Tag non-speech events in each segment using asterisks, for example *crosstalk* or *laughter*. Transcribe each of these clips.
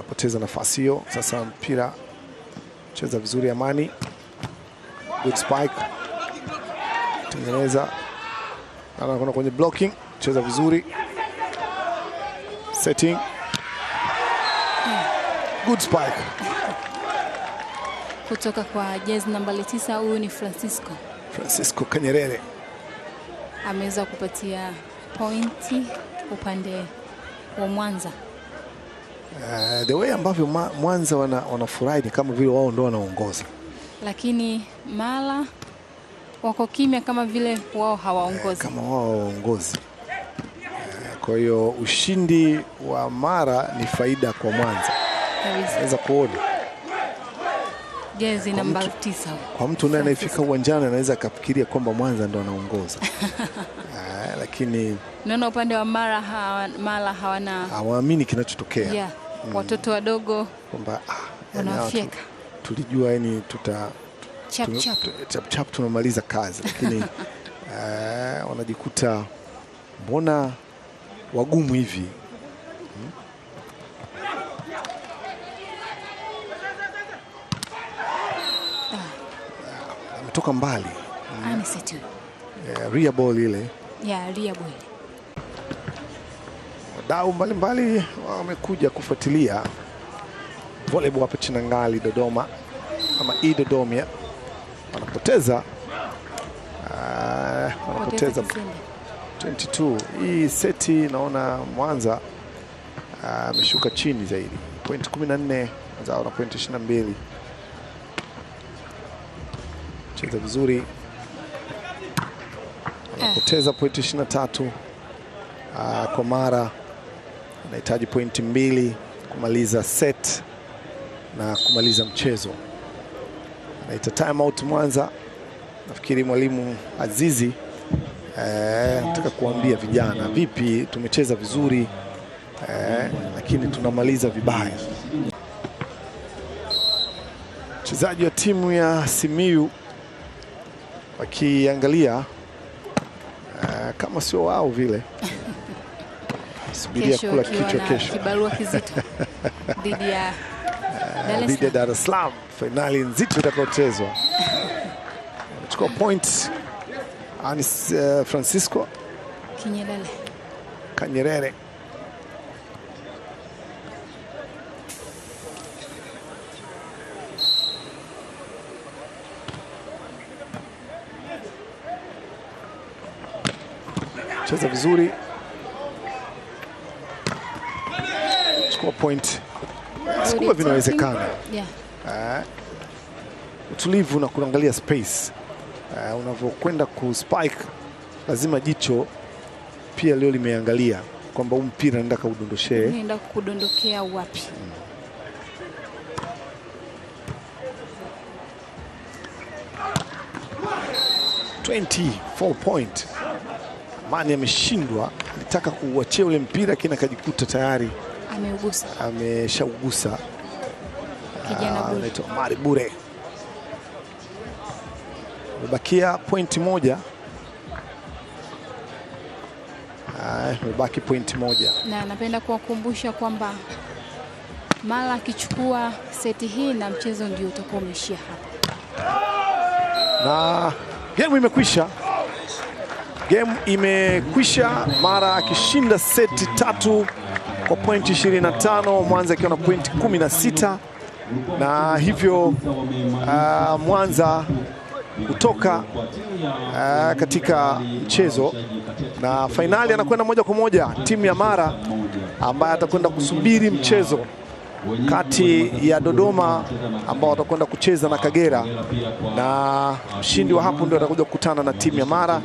anapoteza nafasi hiyo. Sasa mpira cheza vizuri, Amani, good spike, tengeneza, anakwenda kwenye blocking, cheza vizuri, setting, good spike kutoka kwa jezi namba 9. Huyu ni Francisco Francisco Kanyerere, ameweza kupatia pointi upande wa Mwanza uh, the way ambavyo Mwanza wana, wanafurahi ni kama vile wao ndo wanaongoza, lakini Mara wako kimya kama vile wao hawaongozi, eh, kama wao waongozi. Eh, kwa hiyo ushindi wa Mara ni faida kwa Mwanza, naweza kuona jezi namba 9. Kwa mtu naye anayefika uwanjani anaweza akafikiria kwamba Mwanza ndo anaongoza *laughs* eh, lakini naona upande wa Mara hawa, Mara hawana hawaamini kinachotokea yeah. mm. watoto wadogo kwamba ah, wanafika tulijua yani tuta chap chap, chap, chap tunamaliza kazi lakini uh, *laughs* wanajikuta mbona wagumu hivi hmm? ametoka mbali yeah, eh, ria ball ile yeah, ball. Wadau mbalimbali wamekuja kufuatilia volleyball hapa Chinangali Dodoma ama e Dodomia eh, wanapoteza wanapoteza 22 hii seti naona Mwanza eh, ameshuka chini zaidi point 14 zao na point 22 cheza vizuri, anapoteza pointi 23 uh, ah, kwa mara anahitaji pointi mbili kumaliza set na kumaliza mchezo. Anaita timeout Mwanza. Nafikiri mwalimu Azizi eh, nataka kuambia vijana vipi, tumecheza vizuri eh, lakini tunamaliza vibaya. Mchezaji wa timu ya Simiyu wakiangalia uh, kama sio wao vile subiria kula kichwa kesho kibarua kizito *laughs* dhidi ya Dar es Salaam, fainali nzito itakayochezwa chukua point Anis uh, Francisco Kinyelele Kanyerere cheza vizuri, chukua point, sikuwa vinawezekana. Yeah. Uh, utulivu na kuangalia space uh, unavyokwenda spike, lazima jicho pia leo limeangalia kwamba huu mpira naenda kaudondoshee, naenda kudondokea wapi? mm. Twenty four point Mane ameshindwa, alitaka kuuachia ule mpira lakini akajikuta tayari ameugusa, ameshaugusa. Ah, anaitwa Omari Bure. Amebakia pointi moja ah, mebaki pointi moja, na napenda kuwakumbusha kwamba mara akichukua seti hii na mchezo ndio utakuwa umeishia hapa na gemu imekwisha. Game imekwisha mara akishinda seti tatu kwa pointi 25, Mwanza akiwa na pointi 16 na hivyo uh, Mwanza kutoka uh, katika mchezo na fainali, anakwenda moja kwa moja timu ya Mara ambaye atakwenda kusubiri mchezo kati ya Dodoma ambao watakwenda kucheza na Kagera, na mshindi wa hapo ndio atakuja kukutana na timu ya Mara.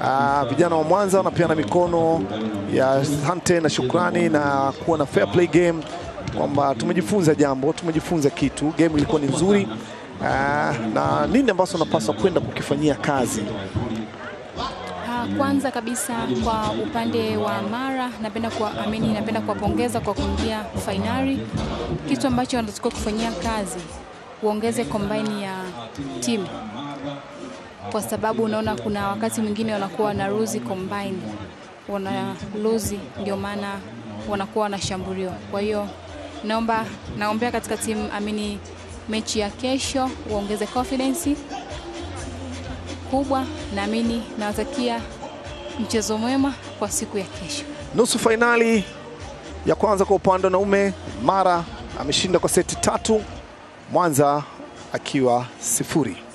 Aa, ah, vijana wa Mwanza wanapeana mikono ya asante na shukrani na kuwa na fair play game, kwamba tumejifunza jambo, tumejifunza kitu, game ilikuwa ni nzuri. Aa, ah, na nini ambacho unapaswa kwenda kukifanyia kazi kwanza kabisa kwa upande wa Mara napenda kwa amini, napenda kuwapongeza kwa kuingia fainali, kitu ambacho wanatakiwa kufanyia kazi uongeze kombaini ya timu, kwa sababu unaona kuna wakati mwingine wanakuwa na ruzi kombaini, wana ruzi, ndio maana wanakuwa wanashambuliwa. Kwa hiyo naomba, naombea katika timu amini, mechi ya kesho uongeze confidence kubwa, naamini nawatakia mchezo mwema kwa siku ya kesho. Nusu fainali ya kwanza kwa upande wanaume, Mara ameshinda kwa seti tatu, Mwanza akiwa sifuri.